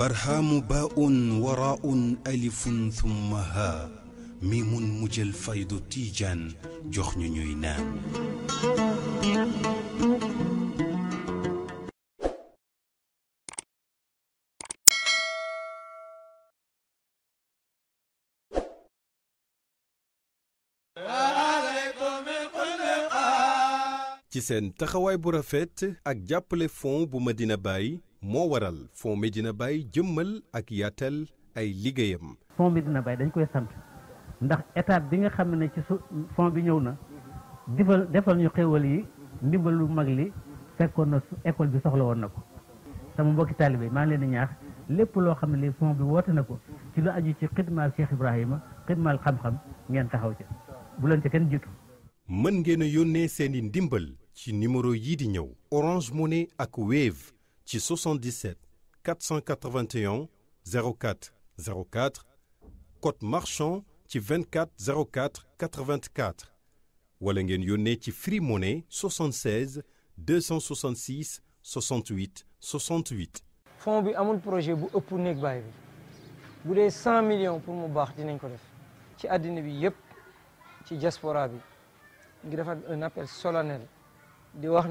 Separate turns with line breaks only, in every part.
برهام باء وراء ألف ثم ها ميم مجل فيض تيجان جخن نينان ci seen taxawaay bu rafet ak jàppale fond bu Medina Baye moo waral Fonds Médina Baye jëmmal ak yaatal ay liggéeyam. Fonds Médina Baye dañ koy sant ndax étape bi nga xam ne ci su fonds bi ñëw na defal defal ñu xewal yi ndimbal lu mag li fekkoon na école bi soxla woon na ko sama mbokki taalibe maa ngi leen di ñaax lépp loo xam ne li fon bi woote na ko ci lu aju ci xidmaal Cheikh Ibrahima xidmaal xam-xam ngeen taxaw ca bu leen ca kenn jiitu. mën ngeen a yónnee seeni ndimbal ci numéro yii di ñëw Orange Money ak ci 77 481 04 04 code marchand ci 24 04 84 wala ngeen yónnee ci Free Money 76 266 68 68.
Fonds bi amul projet bu ëpp néeg bi 100 millions pour mu baax dinañ ko def ci àddina bi yépp ci diaspora bi ngi un appel solennel di wax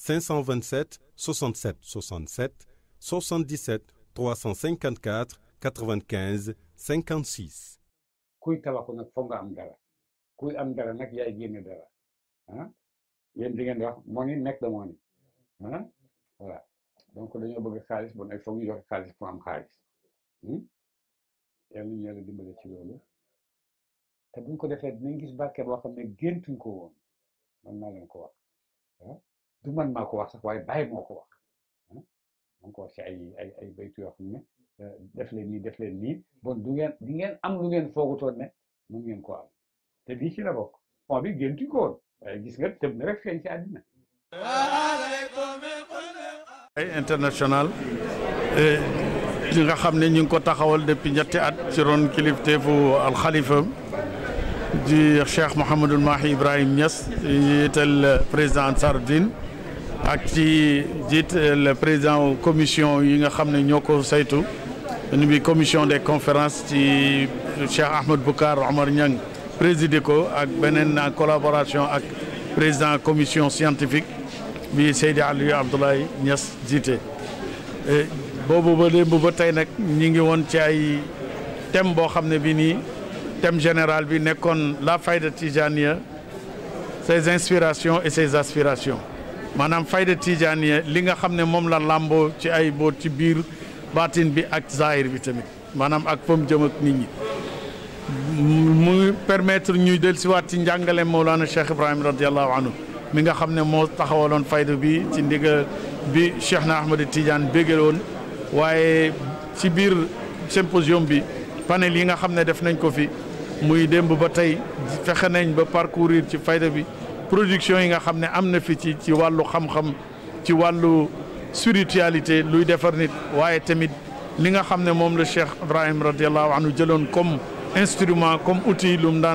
527 67 67 77 354 95 56.
kuy tabaxu nag foog nga am dara kuy am dara nag yaay génne dara ah yéen di ngeen di wax moo ni nekk da moo ni voilà donc dañoo bëgg xaalis bu ay foog ñu joxe xaalis pour am xaalis yàlla ñu yàlla dimbale ci loolu te buñ ko defee
dinañ gis barke boo xam ne géntuñ ko woon man naa leen ko wax ah du man maa
ko wax sax waaye bàyyi moo ko wax ma ngi ko wax si ay ay ay yoo xam ne euh, def leen nii def leen nii bon du ngeen di ngeen am lu ngeen foogutoon ne mu ngeen ko am te bii ci la bokk fond bi géntuñ ko waaye gis nga tëb na rek feeñ ci àddina international e, nga xam ne ñu ngi ko taxawal depuis ñetti at ci ron kilifteefu alxalifam di Cheikh Mouhamadul Mahi Ibrahim Niass yital président Sardine ak ci euh, le président commission yi nga xam ne ñoo commission des conférences ci Cheikh Ahmed Boukar, Omar Niang présidé ko ak en collaboration ak président commission scientifique bi Seydi Aliou Abdoulaye Niass jiite euh, boobu ba démb ba tey ñi ngi won ci ay thème boo xam bi thème général bi nekkoon la fayda tijaniya ses inspirations et ses aspirations maanaam fayda tijaaniya li nga xam ne moom la làmboo ci ay boot ci biir baatin bi ak zahir bi tamit maanaam ak fam jëm ak nit ñi mu permettre ñuy si dellusiwaat ci njàngale moo Mawlana Cheikh Ibrahim radiallahu anhu mi nga xam ne moo taxawaloon fayda bi ci ndigal bi Cheikh na Ahmad Tidiane bégaloon waaye ci biir symposium bi panel yi nga xam ne def nañ ko fi muy démb ba tey fexe nañ ba parcourir ci fayda bi production yi nga xamne amna fi ci ci walu xam xam-xam ci walu spiritualité luy defar nit waye tamit li nga xamne mom le Cheikh Ibrahim radiallahu anhu jëlone comme instrument comme outil lu mu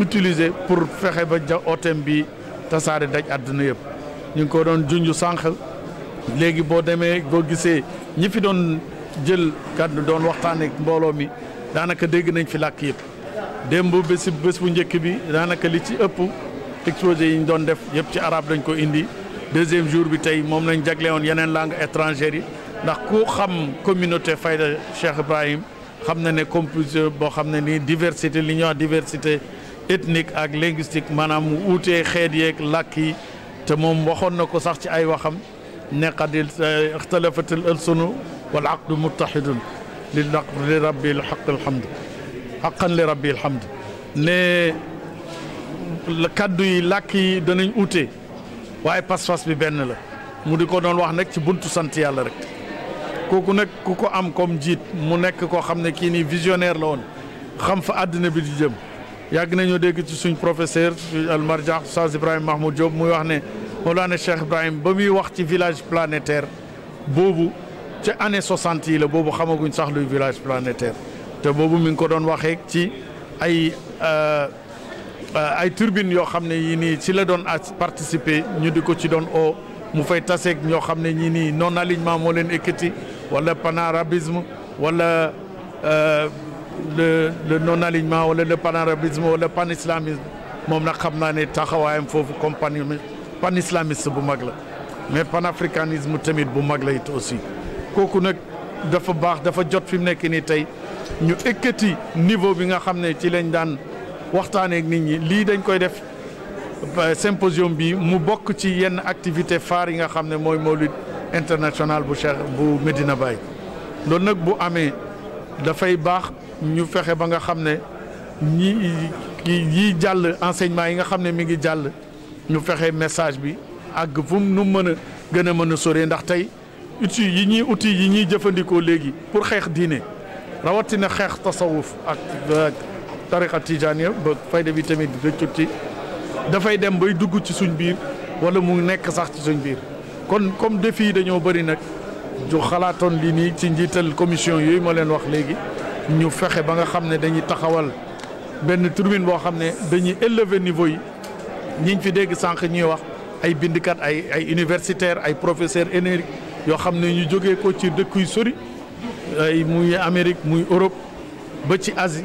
utiliser pour fexe ba ja ooteem bi tassare daj aduna yëpp ñu ko doon junju sank léegi bo démé bo gisee ñi fi doon jël kàddu doon waxtane mbolo mi danaka dégg nañ fi lak yëpp dembu bés bés bu ñëk bi danaka li ci ëpp exposé yi ñu doon def yëpp ci arabe lañ ko indi deuxième jour bi tey moom lañ jagle woon yeneen langue étrangère yi ndax ku xam communauté Fayda Cheikh Ibrahim xam na ne composé boo xam ne nii diversité li ñuy wax diversité ethnique ak linguistique maanaam mu uutee xeet yeeg làkk yi te moom waxoon na ko sax ci ay waxam ne qad ixtalafatil alsunu wal aqdu muttahidun li rabbi alxaq alhamdu xaqan li rabbi alhamdu ne le kaddu yi làkk yi danañ uute waaye pas face bi ben la mu di ko doon wax nak ci buntu sante yalla rek koku nak ku am comme jiit mu nek ko xam ki ni visionnaire la won xam fa aduna bi di jëm yag nañu dégg ci suñ professeur al almarja Oustaz ibrahim Mahmoud job muy wax ne Mawlana Cheikh Ibrahim ba muy wax ci village planétaire boobu ci année 60 yi la boobu xamaguñ sax luy village planétaire te boobu mi ngi ko don waxee ci ay euh euh, ay turbine yoo xam ne yii nii ci la doon participer ñu di ko ci doon o mu fay taseeg ñoo xam ne ñii nii non alignement moo leen ekkati wala panarabisme wala euh, le le non alignement wala le panarabisme wala panislamisme moom nag xam naa ne taxawaayam foofu panislamiste bu mag la mais panafricanisme tamit bu mag la it aussi kooku nag dafa baax dafa jot fi mu nekk nii tey ñu ekkati niveau bi nga xam ne ci lañ daan waxtaanee ak nit ñi lii dañ koy def symposium bi mu bokk ci yenn activité phare yi nga xam ne mooy mawlid international bu Cheikh bu Medina bay loolu nag bu amee dafay baax ñu fexe ba nga xam ne ñi yi jàll enseignement yi nga xam ne mi ngi jàll ñu fexe message bi ak fu mu mën a gën a mën a sore ndax tey outils yi ñuy outils yi ñuy jëfandikoo léegi pour xeex diine rawatina xeex tasawuf ak. tariqa tijaaniya ba fayda bi tamit rëccut ci dafay dem bay dugg ci suñ biir wala mu nekk sax ci suñ biir kon comme défi yi dañoo bëri nag ju xalaatoon li nii ci njiital commission yooyu ma leen wax léegi ñu fexe ba nga xam ne dañuy taxawal benn turbine boo xam ne dañuy élever niveau yi ñiñ fi dégg sànq ñuy wax ay bindikat ay ay universitaire ay professeur émérite yoo xam ne ñu jógee ko ci dëkk yu sori ay muy Amérique muy Europe ba ci Asie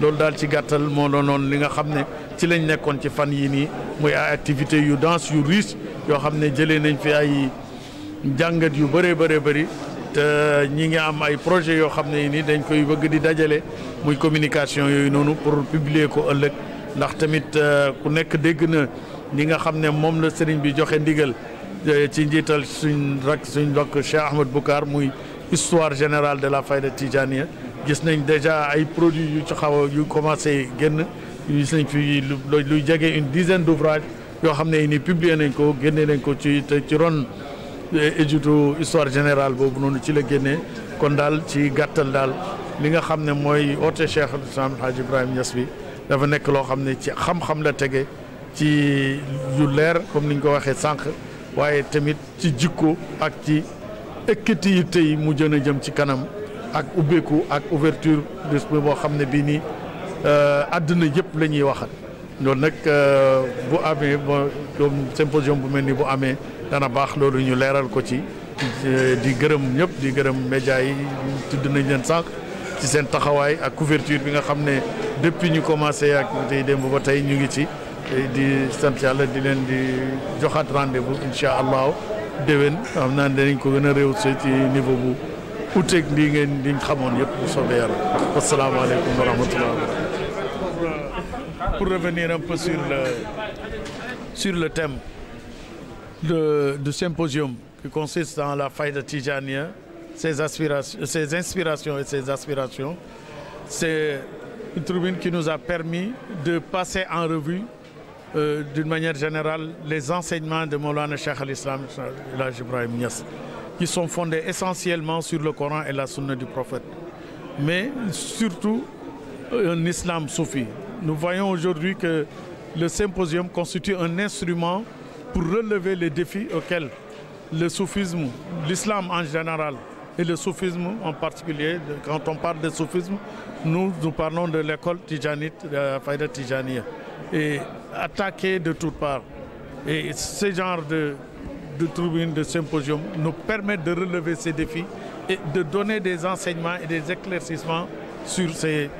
loolu daal ci gàttal moo noonu li nga xam ne ci lañ nekkoon ci fan yii nii muy ay activité yu dense yu riche yoo xam ne jëlee nañ fi ay jàngat yu bëree bëree bëri te ñi ngi am ay projet yoo xam ne nii dañ koy bëgg di dajale muy communication yooyu noonu pour publier ko ëllëg ndax tamit euh, ku nekk dégg na ñi nga xam ne moom la sëriñ bi joxe ndigal euh, ci njiital suñ rak suñ dokk Cheikh Ahmed Boucar muy histoire générale de la fayda tijaniyya gis nañ déjà ay produits yu ci xaw a yu commencé génn gis nañ fi lu jege une dizaine d'ouvrages yoo xam ne ni publier nañ ko génne nañ ko ci te ron eh, étude histoire générale boobu noonu ci la génne kon daal ci gàttal daal li nga xam ne mooy oote Cheikh al Islam Hadj Ibrahima bi dafa nekk loo xam ne ci xam-xam la tege ci yu leer comme ni ñu ko waxee sànq waaye tamit ci jikko ak ci ekkiti yi tey mu jën a jëm ci kanam ak ubeku ak ouverture bés bi boo xam ne bii nii euh, àdduna yëpp la ñuy lool nak nag euh, bu amee moom symposium bu melni bu amé dana bax loolu ñu léral ko ci euh, di gërëm ñëpp di gërëm média yi tudd nañ leen sànq ci seen taxaway ak couverture bi nga xamné depuis ñu commencé ak tay démb ba tey ñu ngi ci di sant yalla di leen di joxat rendez-vous inshallah dewen amna dañ ko gëna a ci niveau bu pour revenir un peu sur le thème de du symposium qui consiste dans la faille de ses ses inspirations et ses aspirations c'est une tribune qui nous a permis de passer en revue euh, d'une manière générale les enseignements de Moulane Cheikh al-Islam l'âge Ibrahim qui sont fondés essentiellement sur le Coran et la Sunna du prophète, mais surtout un islam soufi. Nous voyons aujourd'hui que le symposium constitue un instrument pour relever les défis auxquels le soufisme, l'islam en général et le soufisme en particulier, quand on parle de soufisme, nous, nous parlons de l'école tijanite, de la faïda tijani et attaquée de toutes parts. Et ce genre de de tribunes, de symposiums nous permet de relever ces défis et de donner des enseignements et des éclaircissements sur ces,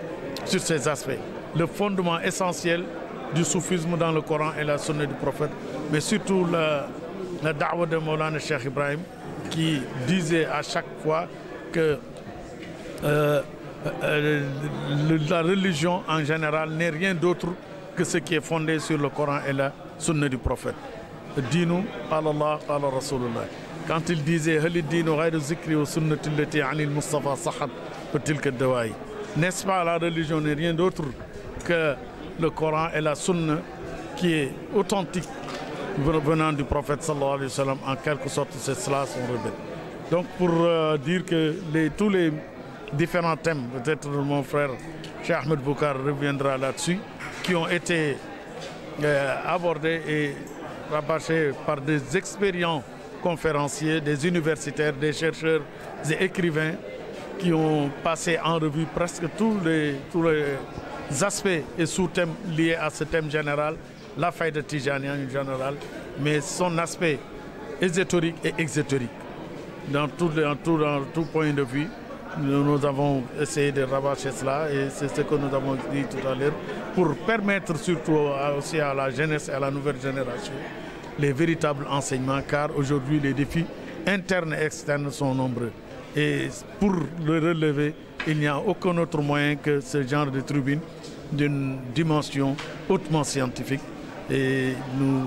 sur ces aspects. Le fondement essentiel du soufisme dans le Coran et la sunna du prophète, mais surtout la, la da'wah de Cheikh Ibrahim qui disait à chaque fois que euh, euh, la religion en général n'est rien d'autre que ce qui est fondé sur le Coran et la sunna du prophète dinu Allah qala Rasulullah quand il disait dinu ghayru zikri wa Mustafa dawa'i n'est-ce pas la religion n'est rien d'autre que le Coran et la sunna qui est authentique venant du prophète sallallahu alayhi wa sallam en quelque sorte c'est cela son rebelle donc pour euh, dire que tous les différents thèmes peut-être mon frère Cheikh Ahmed Boukar reviendra là-dessus qui ont été euh, abordés et rapprochés par des expérients conférenciers, des universitaires, des chercheurs des écrivains qui ont passé en revue presque tous les, tous les aspects et sous-thèmes liés à ce thème général, la faille de Tijani en général, mais son aspect ésotérique et exotérique dans tous les tout, dans tout point de vue. Nous, avons essayé de rabâcher cela et c'est ce que nous avons dit tout à l'heure pour permettre surtout aussi à la jeunesse et à la nouvelle génération les véritables enseignements car aujourd'hui les défis internes et externes sont nombreux. Et pour le relever, il n'y a aucun autre moyen que ce genre de tribune d'une dimension hautement scientifique. Et nous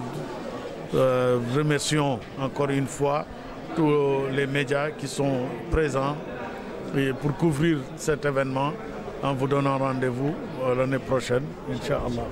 euh, remercions encore une fois tous les médias qui sont présents pour couvrir cet événement en vous donnant rendez-vous euh, l'année prochaine, Inch'Allah.